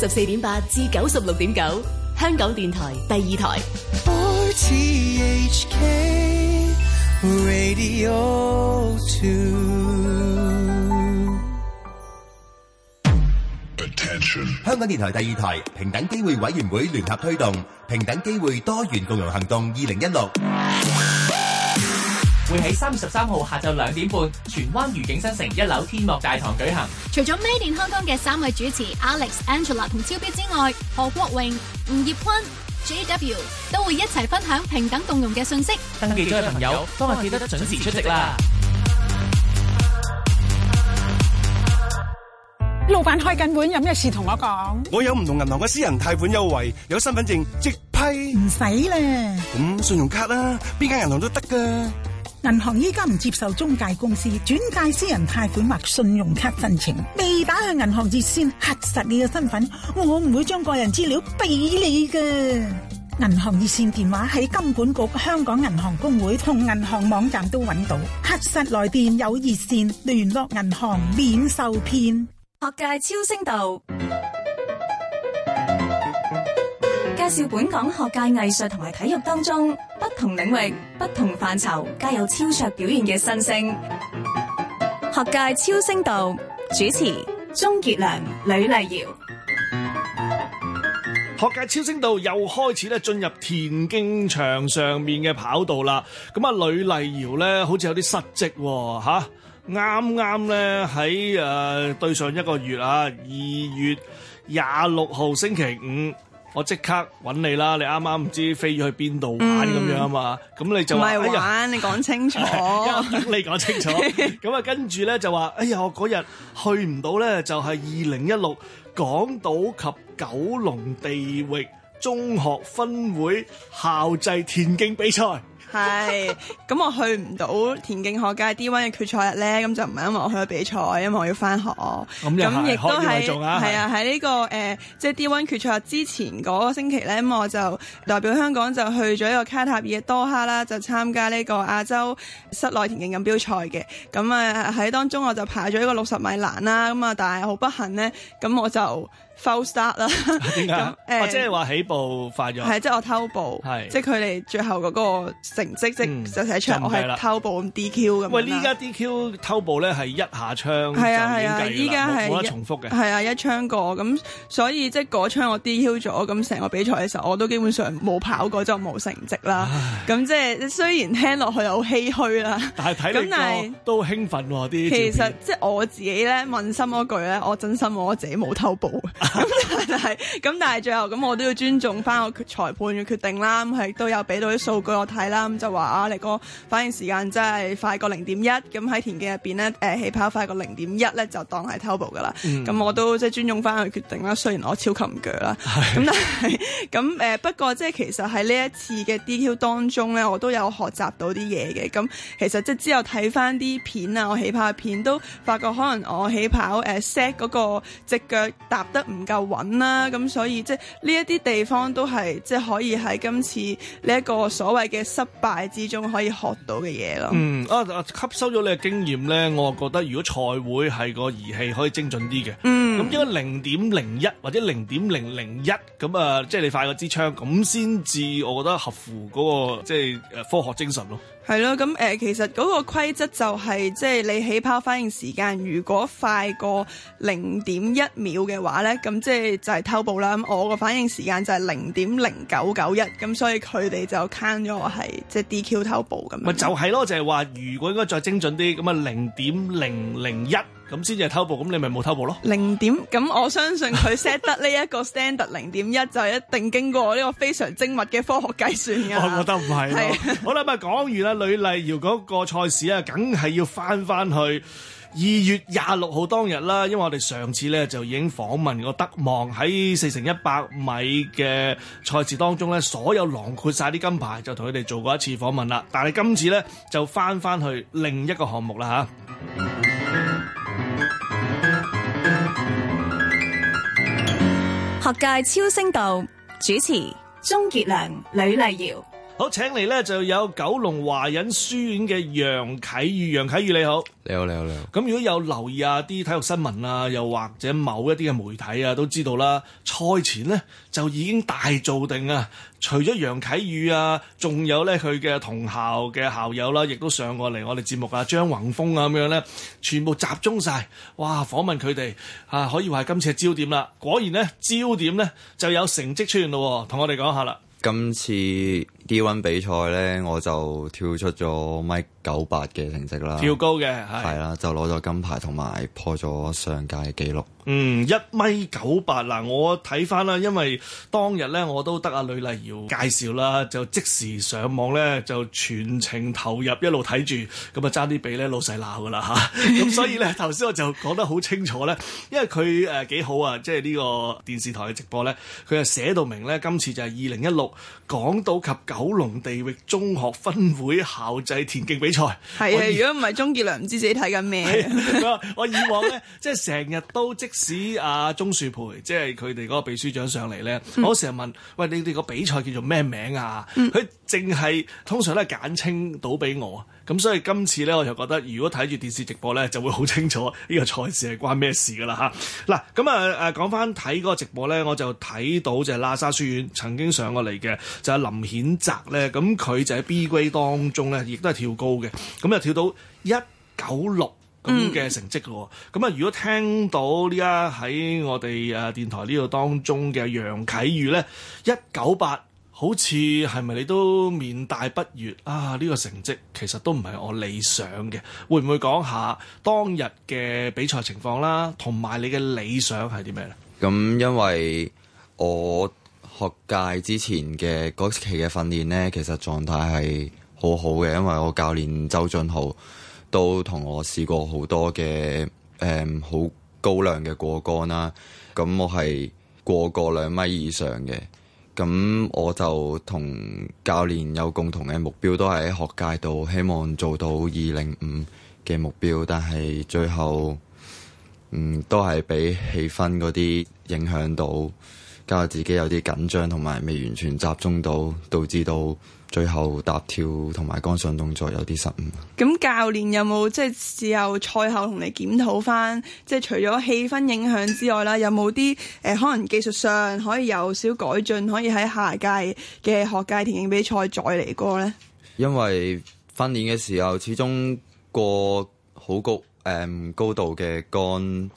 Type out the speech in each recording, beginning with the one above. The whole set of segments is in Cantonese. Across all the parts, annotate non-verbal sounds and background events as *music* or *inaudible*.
十四點八至九十六點九，香港電台第二台。RTHK Radio 2。Attention。香港電台第二台平等機會委員會聯合推動平等機會多元共融行動二零一六。會喺三月十三號下晝兩點半，荃灣愉景新城一樓天幕大堂舉行。除咗 Made in Hong Kong 嘅三位主持 Alex、Angela 同超標之外，何國榮、吳業坤、G W 都會一齊分享平等動容嘅信息。登記咗嘅朋友，當日記得準時出席啦。老闆開緊會，有咩事同我講？我有唔同銀行嘅私人貸款優惠，有身份證即批，唔使啦。咁信用卡啦，邊間銀行都得噶。銀行依家唔接受中介公司轉介私人貸款或信用卡申請，未打去銀行熱線核實你嘅身份，我唔會將個人資料俾你㗎。銀行熱線電話喺金管局、香港銀行公會同銀行網站都揾到，核實來電有熱線聯絡銀行，免受騙。學界超聲道。介紹本港學界藝術同埋體育當中不同領域、不同範疇皆有超卓表現嘅新星。學界超星道，主持鍾傑良、呂麗瑤。學界超星道又開始咧，進入田徑場上面嘅跑道啦。咁啊，呂麗瑤咧好似有啲失職吓，啱啱咧喺誒對上一個月啊，二月廿六號星期五。我即刻揾你啦！你啱啱唔知飛咗去邊度玩咁、嗯、樣啊嘛？咁你就唔係玩，哎、呦你講清楚， *laughs* 你講清楚。咁啊，跟住咧就話，哎呀，我嗰日去唔到咧，就係二零一六港島及九龍地域中學分會校際田徑比賽。係咁， *laughs* 我去唔到田徑學界 D1 嘅決賽日咧，咁就唔係因為我去咗比賽，因為我要翻學。咁亦都係，開唔啊？係啊，喺呢個誒，即、呃、係、就是、D1 決賽之前嗰個星期咧，咁我就代表香港就去咗一個卡塔爾多哈啦，就參加呢個亞洲室內田徑錦標賽嘅。咁啊喺當中我就排咗一個六十米欄啦，咁啊但係好不幸咧，咁我就。foul start 啦，咁誒，即係話起步快咗，係即係我偷步，係即係佢哋最後嗰個成績即係寫出嚟，我係偷步咁 DQ 咁。喂，依家 DQ 偷步咧係一下槍啊，點啊，依家係冇得重複嘅，係啊一槍過咁，所以即係嗰槍我 DQ 咗，咁成個比賽嘅時候我都基本上冇跑過，就冇成績啦。咁即係雖然聽落去有唏噓啦，咁但係都興奮啲。其實即係我自己咧問心嗰句咧，我真心我自己冇偷步。咁 *laughs* 但係，咁但係最後咁，我都要尊重翻我裁判嘅決定啦。咁係都有俾到啲數據我睇啦。咁就話啊，你個反應時間真係快過零點一。咁喺田徑入邊咧，誒起跑快過零點一咧，就當係偷步噶啦。咁、嗯、我都即係尊重翻佢決定啦。雖然我超級唔腳啦。咁 *laughs* 但係，咁誒，不過即係其實喺呢一次嘅 DQ 當中咧，我都有學習到啲嘢嘅。咁其實即係之後睇翻啲片啊，我起跑片都發覺可能我起跑誒 set 嗰個隻腳踏得唔？唔夠穩啦，咁所以即係呢一啲地方都係即係可以喺今次呢一個所謂嘅失敗之中可以學到嘅嘢咯。嗯，啊吸收咗你嘅經驗咧，我覺得如果賽會係個儀器可以精準啲嘅，嗯，咁應該零點零一或者零點零零一咁啊，即係你快個支槍咁先至，我覺得合乎嗰、那個即係誒科學精神咯。係咯，咁誒、嗯、其實嗰個規則就係、是，即、就、係、是、你起跑反應時間如果快過零點一秒嘅話咧，咁即係就係偷步啦。咁我個反應時間就係零點零九九一，咁所以佢哋就 count 咗我係即係 DQ 偷步咁。咪就係咯，就係、是、話、就是、如果應該再精準啲，咁啊零點零零一。咁先至係偷步，咁你咪冇偷步咯？零點，咁我相信佢 set 得呢一個 standard 零點一，就係一定經過我呢個非常精密嘅科學計算嘅。我覺得唔係咯。好啦，咁啊講完啦，呂麗瑤嗰個賽事啊，梗係要翻翻去二月廿六號當日啦。因為我哋上次咧就已經訪問過德望喺四乘一百米嘅賽事當中咧，所有囊括晒啲金牌，就同佢哋做過一次訪問啦。但係今次咧就翻翻去另一個項目啦，吓。學界超聲道，主持鍾傑良、呂麗瑤。好，請嚟咧就有九龍華仁書院嘅楊啟宇，楊啟宇你好，你好，你好，你好，你好。咁如果有留意啊，啲體育新聞啦、啊，又或者某一啲嘅媒體啊，都知道啦。賽前呢，就已經大做定啊，除咗楊啟宇啊，仲有咧佢嘅同校嘅校友啦、啊，亦都上過嚟我哋節目啊，張宏峰啊，咁樣咧，全部集中晒哇，訪問佢哋啊，可以話係今次焦點啦。果然呢，焦點呢，就有成績出現咯。同我哋講下啦，今次。D 運比賽咧，我就跳出咗米九八嘅成績啦，跳高嘅係啦，對是就攞咗金牌同埋破咗上屆嘅記錄。嗯，一米九八嗱，我睇翻啦，因為當日咧我都得阿呂麗瑤介紹啦，就即時上網咧就全程投入一路睇住，咁啊爭啲俾咧老細鬧噶啦吓，咁 *laughs* 所以咧頭先我就講得好清楚咧，因為佢誒幾好啊，即係呢個電視台嘅直播咧，佢係寫到明咧，今次就係二零一六港島及九。九龍地域中學分會校際田徑比賽係啊！如果唔係，鍾傑良唔知自己睇緊咩。我以往咧，即係成日都，即使阿鍾樹培，即係佢哋嗰個秘書長上嚟咧，嗯、我成日問：喂，你哋個比賽叫做咩名啊？佢淨係通常都係簡稱到俾我。咁所以今次咧，我就覺得如果睇住電視直播咧，就會好清楚呢個賽事係關咩事噶啦嚇。嗱、啊，咁啊誒講翻睇嗰個直播咧，我就睇到就係喇沙書院曾經上過嚟嘅就係林顯澤咧，咁佢就喺 B Grade 當中咧，亦都係跳高嘅，咁、嗯、就、嗯、跳到一九六咁嘅成績嘅喎。咁啊，如果聽到呢家喺我哋誒電台呢度當中嘅楊啟宇咧，一九八。好似係咪你都面帶不悅啊？呢個成績其實都唔係我理想嘅。會唔會講下當日嘅比賽情況啦？同埋你嘅理想係啲咩咧？咁因為我學界之前嘅嗰期嘅訓練呢，其實狀態係好好嘅，因為我教練周俊豪都同我試過好多嘅誒好高量嘅過桿啦。咁我係過過兩米以上嘅。咁我就同教練有共同嘅目標，都係喺學界度希望做到二零五嘅目標，但係最後，嗯，都係俾氣氛嗰啲影響到，加上自己有啲緊張，同埋未完全集中到，導致到，最後踏跳同埋杆上動作有啲失誤。咁教練有冇即係事後賽後同你檢討返？即係除咗氣氛影響之外啦，有冇啲誒可能技術上可以有少改進，可以喺下屆嘅學界田徑比賽再嚟過呢？因為訓練嘅時候始終過好高誒、嗯、高度嘅杆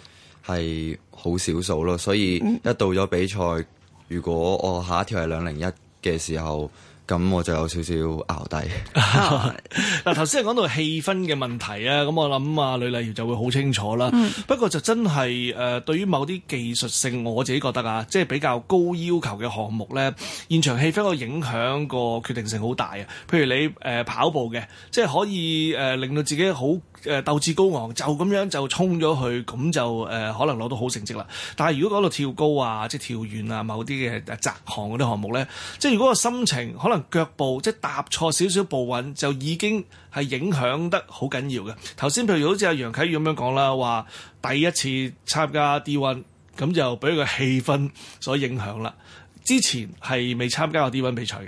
係好少數咯，所以一到咗比賽，嗯、如果我下一條係兩零一嘅時候。咁我就有少少拗低。嗱，頭先係講到氣氛嘅問題啊，咁我諗啊，呂麗瑤就會好清楚啦。嗯、不過就真係誒、呃、對於某啲技術性，我自己覺得啊，即係比較高要求嘅項目咧，現場氣氛個影響個決定性好大啊。譬如你誒、呃、跑步嘅，即係可以誒、呃、令到自己好誒鬥志高昂，就咁樣就衝咗去，咁就誒、呃、可能攞到好成績啦。但係如果講到跳高啊，即係跳遠啊，某啲嘅誒窄項啲項目咧，即係如果個心情可能。可能腳步即係踏錯少少步韻，就已經係影響得好緊要嘅。頭先，譬如好似阿楊啟宇咁樣講啦，話第一次參加 D1 咁就俾個氣氛所影響啦。之前係未參加過 D1 比賽嘅，誒、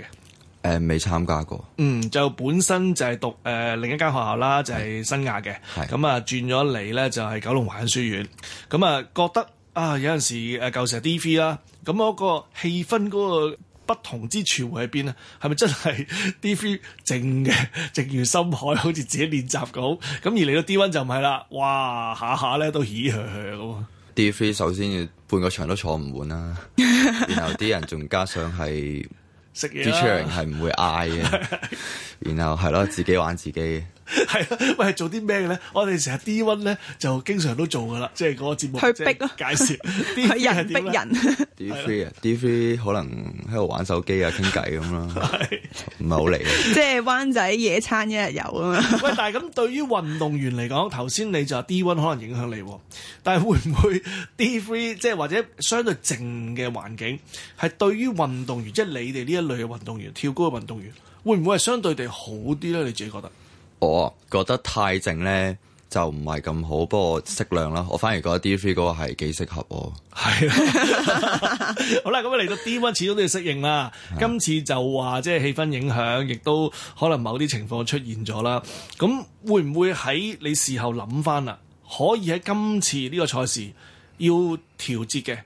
呃，未參加過。嗯，就本身就係讀誒、呃、另一間學校啦，就係新亞嘅，咁啊轉咗嚟咧就係九龍華仁書院。咁啊覺得啊有陣時誒舊、啊、時 D3 啦，咁嗰個氣氛嗰、嗰個。不同之處會喺邊啊？係咪真係 D3，靜嘅靜如深海，好似自己練習咁？咁而嚟到 D1 就唔係啦，哇下下咧都起起咁。D3 首先半個場都坐唔滿啦， *laughs* 然後啲人仲加上係食嘢出嚟係唔會嗌嘅， *laughs* 然後係咯自己玩自己。係啦，喂， *laughs* 做啲咩嘅咧？我哋成日 D one 咧，就經常都做噶啦，即係個節目去逼、啊，介紹人逼人 *laughs* D three 啊，D three 可能喺度玩手機啊，傾偈咁啦，唔係好嚟嘅，即係灣仔野餐一日遊啊嘛。 *laughs* 喂，但係咁對於運動員嚟講，頭先你就話 D one 可能影響你，但係會唔會 D three 即係或者相對靜嘅環境係對於運動員，即係你哋呢一類嘅運動員，跳高嘅運動員，會唔會係相對地好啲咧？你自己覺得？我覺得太靜咧就唔係咁好，不過適量啦，我反而覺得 D3 嗰個係幾適合我。係是、啊、 *laughs* 好啦，咁啊嚟到 D1 始終都要適應啦。啊、今次就話即係氣氛影響，亦都可能某啲情況出現咗啦。咁會唔會喺你事後諗翻啦？可以喺今次呢個賽事要調節嘅，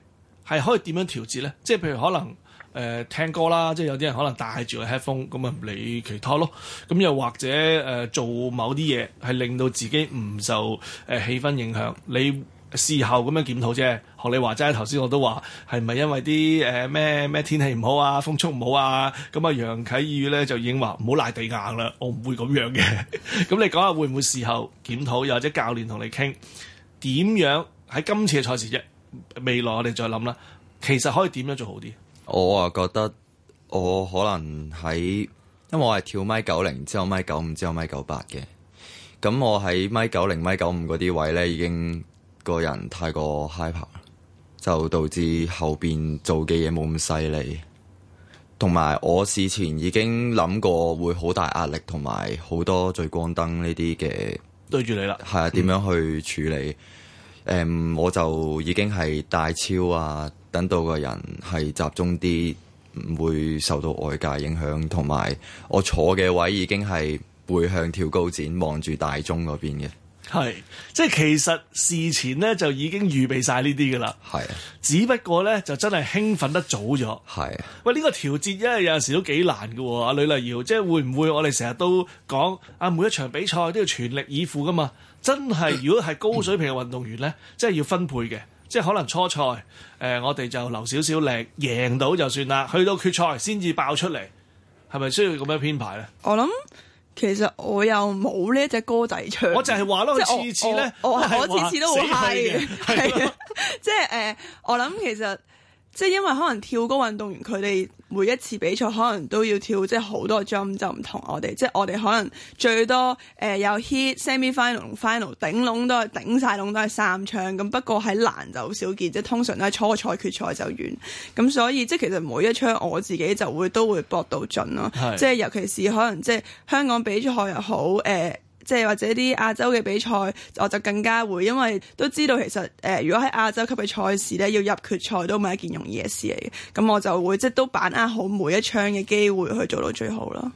係可以點樣調節咧？即係譬如可能。誒、呃、聽歌啦，即係有啲人可能戴住個 headphone 咁啊，唔理其他咯。咁又或者誒、呃、做某啲嘢係令到自己唔受誒、呃、氣氛影響，你事後咁樣檢討啫。學你話齋，頭先我都話係唔係因為啲誒咩咩天氣唔好啊，風速唔好啊？咁啊，楊啟宇咧就已經話唔好賴地硬啦，我唔會咁樣嘅。咁 *laughs* 你講下會唔會事後檢討，又或者教練同你傾點樣喺今次嘅賽事啫？未來我哋再諗啦。其實可以點樣做好啲？我啊覺得我可能喺，因為我係跳米九零之後米九五之後米九八嘅，咁我喺米九零米九五嗰啲位呢，已經個人太過 hyper，就導致後邊做嘅嘢冇咁犀利，同埋我事前已經諗過會好大壓力同埋好多聚光燈呢啲嘅，對住你啦，係啊，點樣去處理？誒、嗯，um, 我就已經係大超啊。等到個人係集中啲，唔會受到外界影響，同埋我坐嘅位已經係背向跳高展，望住大鐘嗰邊嘅。係，即係其實事前咧就已經預備晒呢啲噶啦。係是，只不過咧就真係興奮得早咗。係是。喂，呢、呢個調節咧有陣時都幾難噶喎，阿呂麗瑤，即係會唔會我哋成日都講啊？每一場比賽都要全力以赴噶嘛？真係如果係高水平嘅運動員咧，即係 *coughs* 要分配嘅。即係可能初賽，誒、呃、我哋就留少少力，贏到就算啦。去到決賽先至爆出嚟，係咪需要咁樣編排咧？我諗其實我又冇呢一隻歌仔唱，我就係話咯，我，我次次咧、呃，我我次次都好嗨，係啊，即係誒，我諗其實即係因為可能跳高運動員佢哋。每一次比賽可能都要跳，即係好多槍，就唔同我哋，即係我哋可能最多誒、呃、有 Heat Semi Final Final 頂籠都係頂曬籠都係三槍咁，不過喺欄就好少見，即係通常都係初賽決賽就完咁，所以即係其實每一槍我自己就會都會搏到盡咯，即係是尤其是可能即係香港比賽又好誒。呃即係或者啲亞洲嘅比賽，我就更加會，因為都知道其實誒、呃，如果喺亞洲級嘅賽事咧，要入決賽都唔係一件容易嘅事嚟嘅，咁我就會即係都把握好每一槍嘅機會去做到最好囉。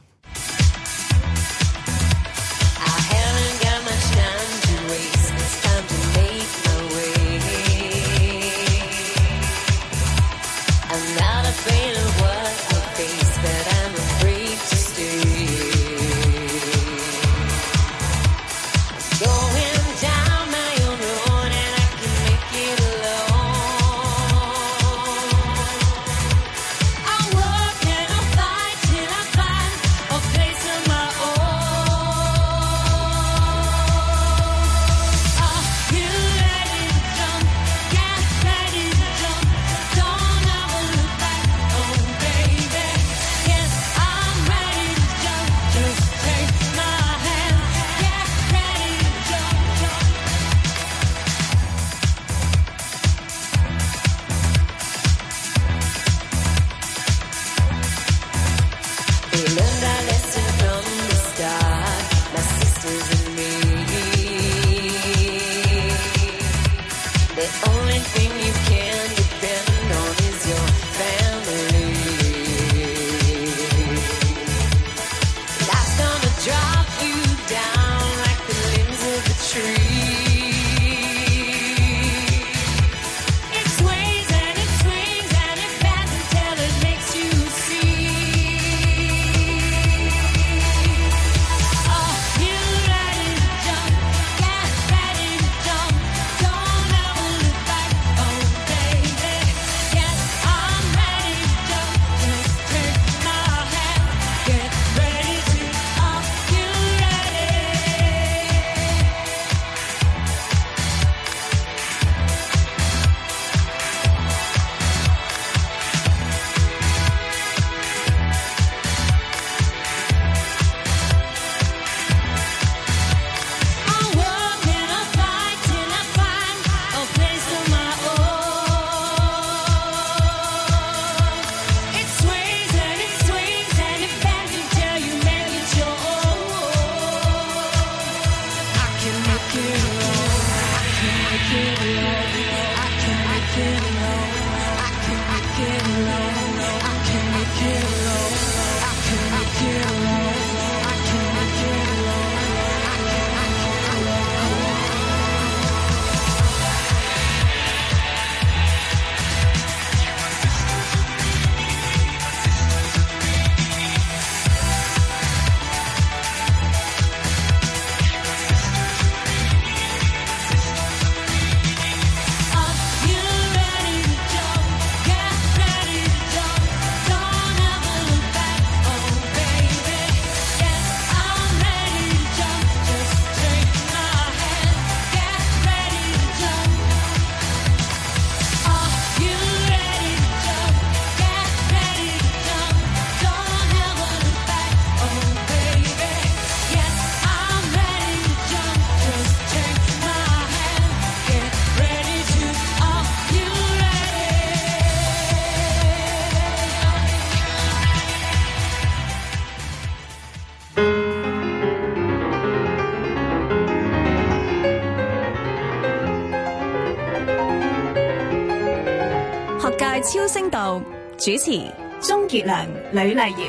聲道主持鍾傑良、呂麗瑤，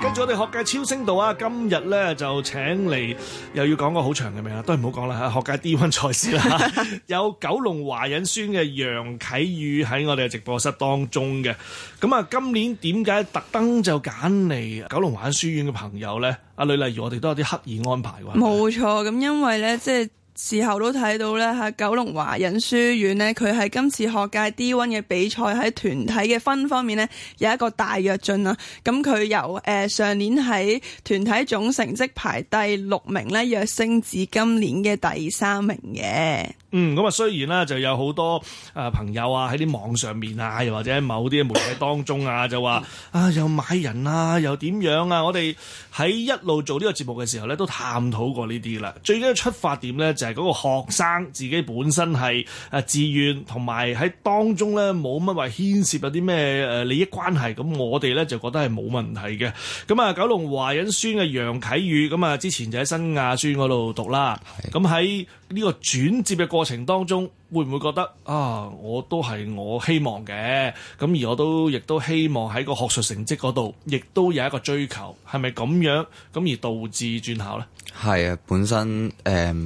跟住我哋學界超聲道啊！今日咧就請嚟又要講個好長嘅名啊，都係唔好講啦吓，學界 D one 賽事啦，有九龍華仁書院嘅楊啟宇喺我哋嘅直播室當中嘅。咁啊，今年點解特登就揀嚟九龍華仁書院嘅朋友咧？阿呂麗瑤，我哋都有啲刻意安排嘅。冇錯，咁因為咧，即係。事後都睇到咧嚇，九龍華仁書院咧，佢喺今次學界 D1 嘅比賽，喺團體嘅分方面咧有一個大躍進啊，咁佢由誒上年喺團體總成績排第六名咧，躍升至今年嘅第三名嘅。嗯，咁啊，雖然咧就有好多啊朋友啊喺啲網上面啊，又或者某啲媒體當中 *coughs* 啊，就話啊又買人啊，又點樣啊？我哋喺一路做呢個節目嘅時候咧，都探討過呢啲啦。最緊要出發點咧，就係嗰個學生自己本身係啊志願，同埋喺當中咧冇乜話牽涉有啲咩誒利益關係。咁我哋咧就覺得係冇問題嘅。咁啊，九龍華仁書院嘅楊啟宇，咁啊之前就喺新亞書院嗰度讀啦。咁喺的呢個轉接嘅過程當中，會唔會覺得啊，我都係我希望嘅，咁而我都亦都希望喺個學術成績嗰度，亦都有一個追求，係咪咁樣咁而導致轉校呢？係啊，本身誒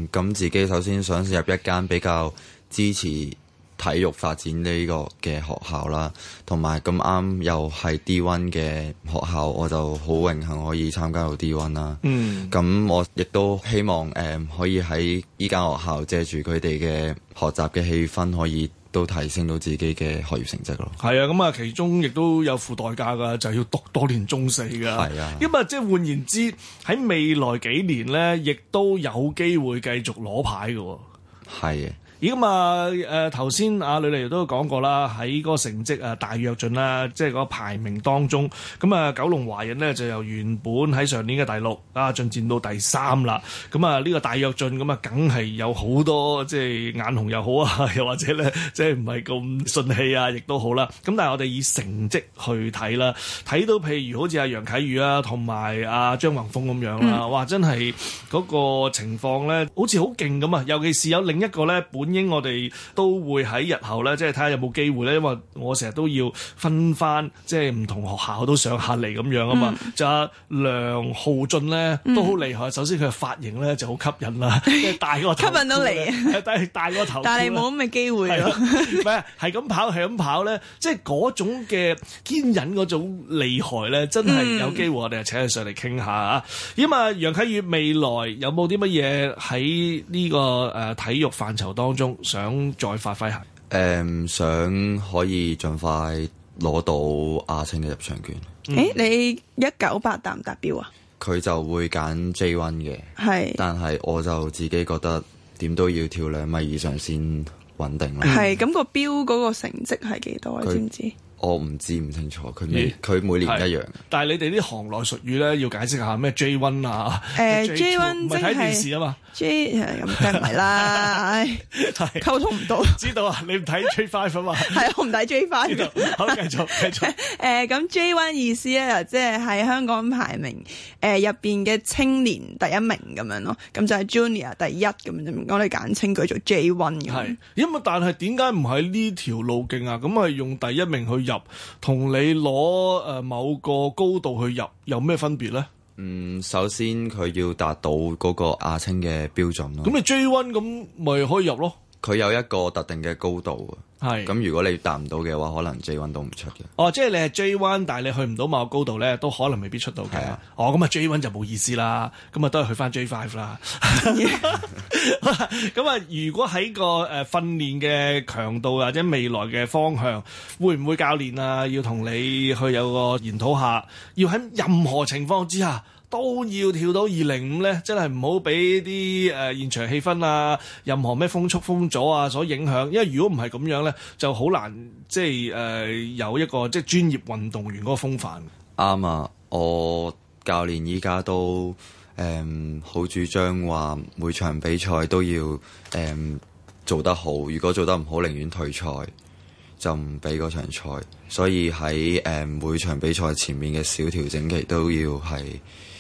咁、呃、自己首先想入一間比較支持。體育發展呢個嘅學校啦，同埋咁啱又係 D1 嘅學校，我就好榮幸可以參加到 D1 啦。嗯，咁我亦都希望誒、呃、可以喺依間學校借住佢哋嘅學習嘅氣氛，可以都提升到自己嘅學業成績咯。係啊，咁、嗯、啊，其中亦都有付代價㗎，就係、要讀多年中四㗎。係啊，咁啊，即係換言之，喺未來幾年咧，亦都有機會繼續攞牌嘅。係、啊。咦，咁啊，誒頭先阿呂麗瑤都講過啦，喺個成績啊大躍進啦，即係個排名當中，咁啊九龍華人咧就由原本喺上年嘅第六啊進佔到第三啦。咁啊呢個大躍進咁啊，梗係有好多即係眼紅又好啊，又或者咧即係唔係咁順氣啊，亦都好啦。咁但係我哋以成績去睇啦，睇到譬如好似阿楊啟宇啊，同埋阿張宏峰咁樣啦，嗯、哇真係個情況咧，好似好勁咁啊！尤其是有另一個咧本。英我哋都會喺日後咧，即係睇下有冇機會咧。因為我成日都要分翻，即係唔同學校都上下嚟，咁樣啊嘛。就阿、嗯、梁浩俊咧、嗯、都好厲害。首先佢嘅髮型咧就好吸引啦，即係大個頭吸引到嚟。但係大個頭，但係冇咁嘅機會咯。唔係係咁跑係咁跑咧，即係嗰種嘅堅忍嗰種厲害咧，真係有機會、嗯、我哋啊請佢上嚟傾下啊。咁啊，楊啟宇未來有冇啲乜嘢喺呢個誒體育範疇當中？想再發揮下，誒，想可以盡快攞到亞青嘅入場券。誒、嗯，你一九八達唔達標啊？佢 *noise* 就會揀 J one 嘅，係是。但係我就自己覺得點都要跳兩米以上先穩定啦。係咁，個標嗰個成績係幾多？你他 知唔知？我唔知唔清楚，佢每佢每年一樣、嗯、但係你哋啲行內術語咧，要解釋下咩 J one 啊？誒、呃、J one 即係睇電視啊嘛？J 咁梗係唔係啦，唉，溝通唔到。 *laughs* *laughs* 知道啊，你唔睇 J five 啊嘛？係啊， *laughs* 我唔睇 J five。 *laughs* 好，繼續繼續。誒，咁、呃、J one 意思咧，即係喺香港排名誒入邊嘅青年第一名咁樣咯。咁就係 junior 第一咁樣啫。我哋簡稱佢做 J one 咁。係，咁啊，但係點解唔喺呢條路徑啊？咁係用第一名去，入同你攞誒某個高度去入有咩分別咧？嗯，首先佢要達到個亞青嘅標準咯。咁你 J One 咁咪可以入咯？佢有一個特定嘅高度啊，咁是如果你達唔到嘅話，可能 J one 都唔出嘅。哦，即係你係 J one，但係你去唔到某個高度咧，都可能未必出到嘅。啊、哦，咁啊 J one 就冇意思啦，咁啊都係去翻 J five 啦。咁啊，如果喺個誒訓練嘅強度或者未來嘅方向，會唔會教練啊要同你去有個研討下？要喺任何情況之下？都要跳到二零五呢，真係唔好俾啲誒現場氣氛啊，任何咩風速風阻啊所影響，因為如果唔係咁樣呢，就好難即係、呃、有一個即係專業運動員嗰個風範。啱啊，我教練依家都誒好、嗯、主張話每場比賽都要誒、嗯、做得好，如果做得唔好，寧願退賽就唔俾嗰場賽。所以喺誒、嗯、每場比賽前面嘅小調整期都要係。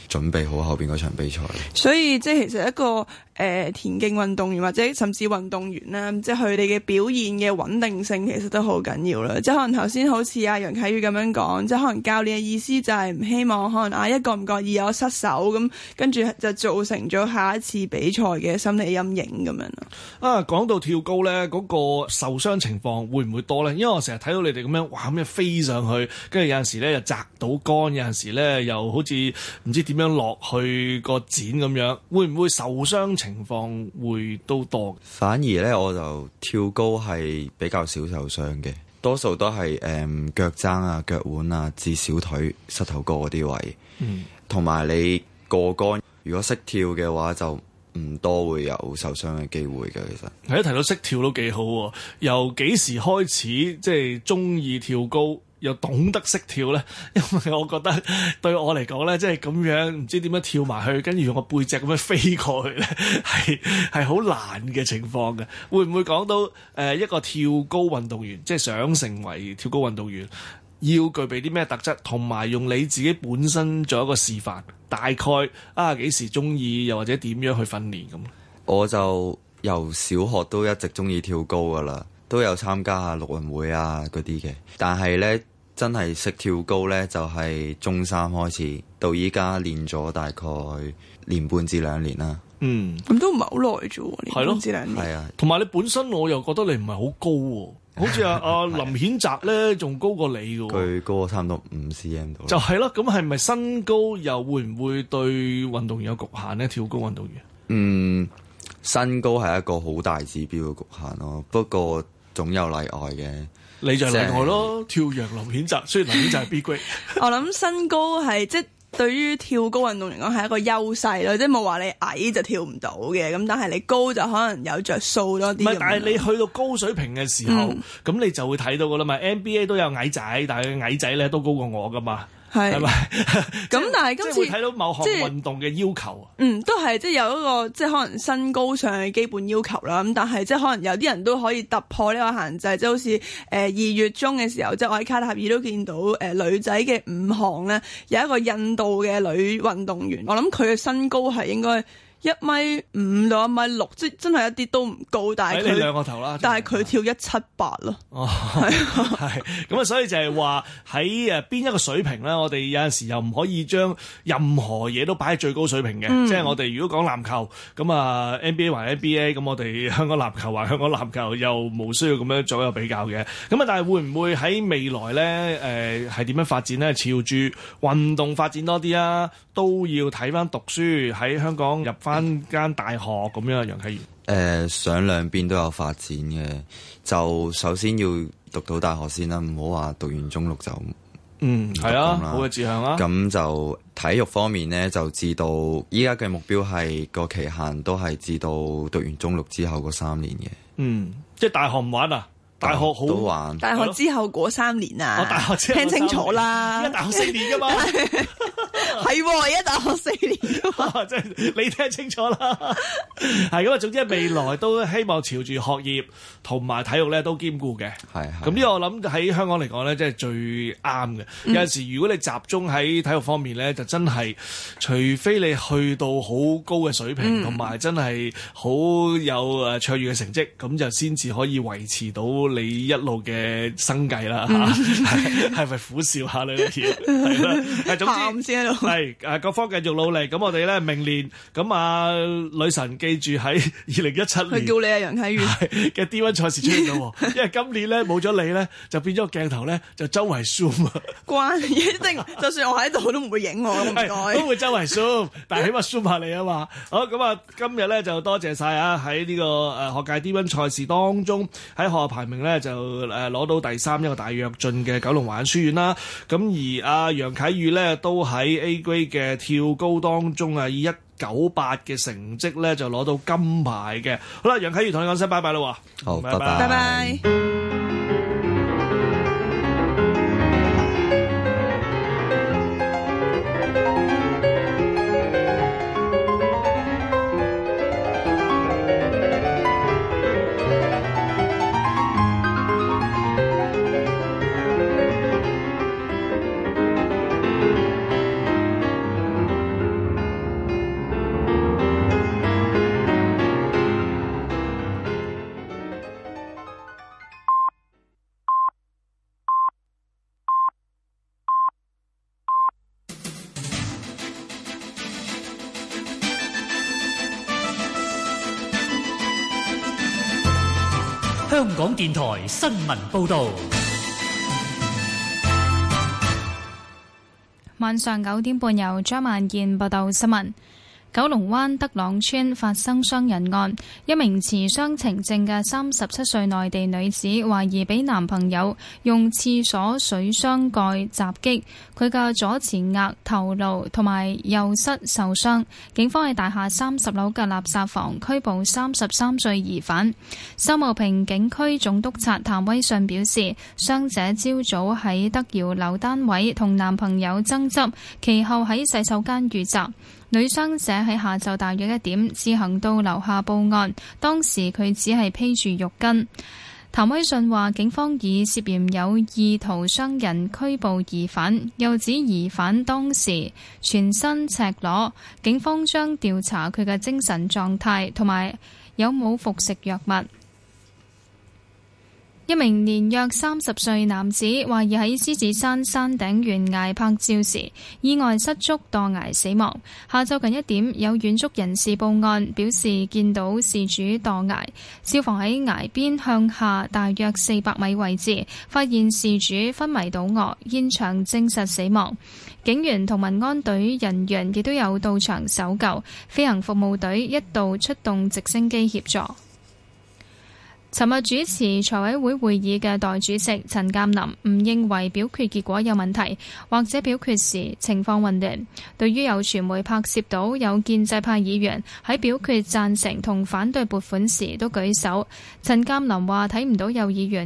準備好後邊嗰場比賽。所以即係其實一個誒、呃、田徑運動員或者甚至運動員啦，即係佢哋嘅表現嘅穩定性其實都好緊要啦。即係可能頭先好似阿楊啟宇咁樣講，即係可能教練嘅意思就係唔希望可能啊一個唔覺意有失手咁，跟住就造成咗下一次比賽嘅心理陰影咁樣咯。啊，講到跳高咧，嗰、嗰個受傷情況會唔會多咧？因為我成日睇到你哋咁樣，哇咩飛上去，跟住有陣時咧又砸到杆，有陣時咧又好似唔知點。咁樣落去個展咁樣，會唔會受傷情況會都多？反而呢，我就跳高係比較少受傷嘅，多數都係誒腳踭啊、腳腕啊、至小腿、膝頭哥嗰啲位。嗯，同埋你過杆，如果識跳嘅話，就唔多會有受傷嘅機會嘅。其實，係一提到識跳都幾好啊。由幾時開始即係中意跳高？又懂得識跳咧， *laughs* 因為我覺得對我嚟講咧，即係咁樣唔知點樣跳埋去，跟住用個背脊咁樣飛過去咧，係係好難嘅情況嘅。 *laughs* 會唔會講到誒、呃、一個跳高運動員，即係想成為跳高運動員，要具備啲咩特質，同埋用你自己本身做一個示範？大概啊幾時鍾意，又或者點樣去訓練咁？我就由小學都一直鍾意跳高㗎喇。都有參加下啊，陸運會啊嗰啲嘅，但係咧真係識跳高咧，就係、是、中三開始到依家練咗大概年半至兩年啦。嗯，咁都唔係好耐啫喎，年半至兩年。係啊，同埋、啊、你本身我又覺得你唔係好高喎、啊，好似阿阿林顯澤咧仲高過你嘅、啊。佢高差唔多五 C M 度。就係咯、啊，咁係咪身高又會唔會對運動員有局限咧？跳高運動員？嗯，身高係一個好大指標嘅局限咯、啊，不過。總有例外嘅，你就例外咯，就是、跳躍林顯澤，雖然嗱，呢就係 big。我諗身高係即係對於跳高運動嚟講係一個優勢咯，即係冇話你矮就跳唔到嘅，咁但係你高就可能有着數多啲。唔係，但係你去到高水平嘅時候，咁、嗯、你就會睇到噶啦嘛，NBA 都有矮仔，但係矮仔咧都高過我噶嘛。係，咁咪 *laughs* 但係今次睇到某項運動嘅要求啊，嗯，都係即係有一個即係可能身高上嘅基本要求啦。咁但係即係可能有啲人都可以突破呢個限制，即係好似誒二月中嘅時候，即係我喺卡塔爾都見到誒、呃、女仔嘅五項咧，有一個印度嘅女運動員，我諗佢嘅身高係應該。米米 6, 一米五到一米六，即真係一啲都唔高，大，係佢兩個頭啦，但係佢跳一七八咯，哦，係係咁啊！ *laughs* 所以就係話喺誒邊一個水平咧，我哋有陣時又唔可以將任何嘢都擺喺最高水平嘅。嗯、即係我哋如果講籃球咁啊，NBA 或 NBA 咁，BA，我哋香港籃球或香港籃球又冇需要咁樣做一個比較嘅。咁啊，但係會唔會喺未來咧？誒、呃，係點樣發展咧？朝住運動發展多啲啊？都要睇翻讀書喺香港入翻。間間大學咁樣，楊啟宇上兩邊都有發展嘅，就首先要讀到大學先啦，唔好話讀完中六就嗯係啊，好嘅志向啊，咁就體育方面呢，就至到依家嘅目標係個期限都係至到讀完中六之後嗰三年嘅，嗯，即係大學唔玩啊。大學好玩說、啊哦，大學之後嗰三年啊，我大學聽清楚啦，而家大學四年噶嘛，係而家、 *laughs* *laughs* 哦、大學四年，嘛，真 *laughs* 係 *laughs* 你聽清楚啦，係咁啊。總之未來都希望朝住學業同埋體育咧都兼顧嘅，係咁呢個我諗喺香港嚟講咧，即係最啱嘅。嗯、有陣時如果你集中喺體育方面咧，就真係除非你去到好高嘅水平，同埋、嗯、真係好有誒卓越嘅成績，咁就先至可以維持到。你一路嘅生計啦，係咪苦笑下你啲嘢？係啦，係總之係誒各方繼續努力。咁我哋咧明年咁啊女神記住喺二零一七年，佢叫你啊楊啟宇嘅 D1 賽事出嚟咯。因為今年咧冇咗你咧，就變咗鏡頭咧就周圍 zoom 啊。關一定，就算我喺度都唔會影我，唔該。都會周圍 zoom，但係起碼 zoom 下你啊嘛。好咁啊，今日咧就多謝晒啊！喺呢個誒學界 D1 賽事當中，喺學校排名，咧就誒攞到第三一個大躍進嘅九龍華仁書院啦，咁而阿楊啟宇咧都喺 A grade 嘅跳高當中啊，以一九八嘅成績咧就攞到金牌嘅。好啦，楊啟宇同你講聲拜拜囉，好，拜拜，拜拜。新聞報導。晚上九點半由張萬健報道新聞。九龍灣德朗村發生傷人案，一名持雙程證嘅三十七歲內地女子懷疑俾男朋友用廁所水箱蓋襲擊，佢嘅左前額、頭顱同埋右膝受傷。警方喺大廈三十樓嘅垃圾房拘捕三十三歲疑犯。秀茂坪警區總督察譚威信表示，傷者朝早喺德瑤樓單位同男朋友爭執，其後喺洗手間遇襲。女傷者喺下晝大約一點自行到樓下報案，當時佢只係披住浴巾。譚威信話，警方以涉嫌有意圖傷人拘捕疑犯，又指疑犯當時全身赤裸，警方將調查佢嘅精神狀態同埋有冇服食藥物。一名年約三十歲男子，懷疑喺獅子山山頂懸崖拍照時意外失足墮崖死亡。下晝近一點，有遠足人士報案，表示見到事主墮崖。消防喺崖邊向下大約四百米位置，發現事主昏迷倒卧，現場證實死亡。警員同民安隊人員亦都有到場搜救，飛行服務隊一度出動直升機協助。尋日主持財委會會議嘅代主席陳鑑林唔認為表決結果有問題，或者表決時情況混亂。對於有傳媒拍攝到有建制派議員喺表決贊成同反對撥款時都舉手，陳鑑林話睇唔到有議員。